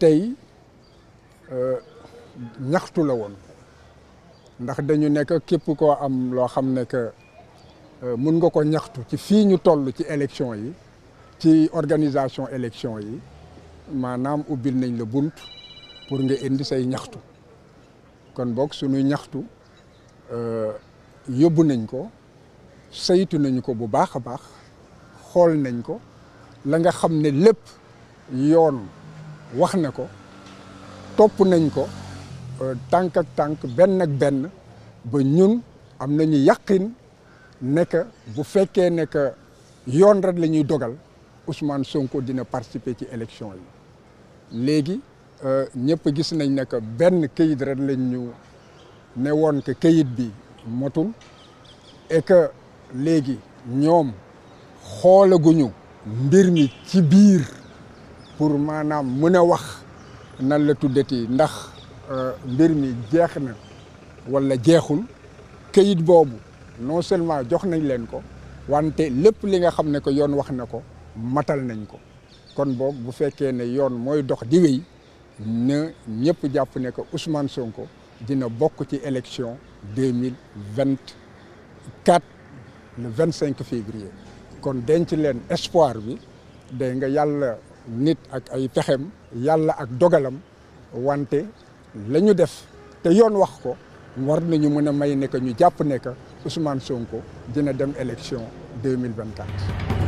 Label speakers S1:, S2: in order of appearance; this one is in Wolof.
S1: tey euh, ñaxtu la woon ndax dañu nekk képp koo am loo xam ne euh, mun nga ko ñaxtu ci fii ñu toll ci élection yi ci organisation élection yi maanaam ubbil nañ la bunt pour nga indi say ñaxtu kon boog suñuy ñaxtu euh, yóbbu nañ ko saytu nañ ko bu baax a baax xool nañ ko la nga xam ne lépp yoon wax na ko topp nañ ko euh, tànk ak tànk benn ak benn ba ñun am nañu yàqin ne que bu fekkee ne que yoon rek la ñuy dogal Ousmane Sonko dina participer ci élection yi léegi euh, ñëpp gis nañ ne que benn kayit rek lañ ñu ne woon que kayit bi motul et que léegi ñoom xoolaguñu mbir mi ci biir. pour maanaam mën a wax nan la tuddati ndax euh, mbir mi jeex na walla jeexul kayit boobu non seulement jox nañ leen ko wante lépp li nga xam ne ko yoon wax na ko matal nañ ko kon boog bu fekkee ne yoon mooy dox di wéy na ñëpp jàpp ne ko que Ousmane ko dina bokk ci élection deux mille vingt quatre le vingt cinq février kon denc leen espoir bi day nga yàlla. nit ak ay pexem yàlla ak dogalam wante lañu def te yoon wax ko war nañu mën a may ne ñu jàpp ne que Ousmane Sonko dina dem élection 2024